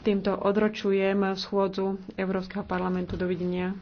Týmto odročujem schôdzu Európskeho parlamentu. Dovidenia.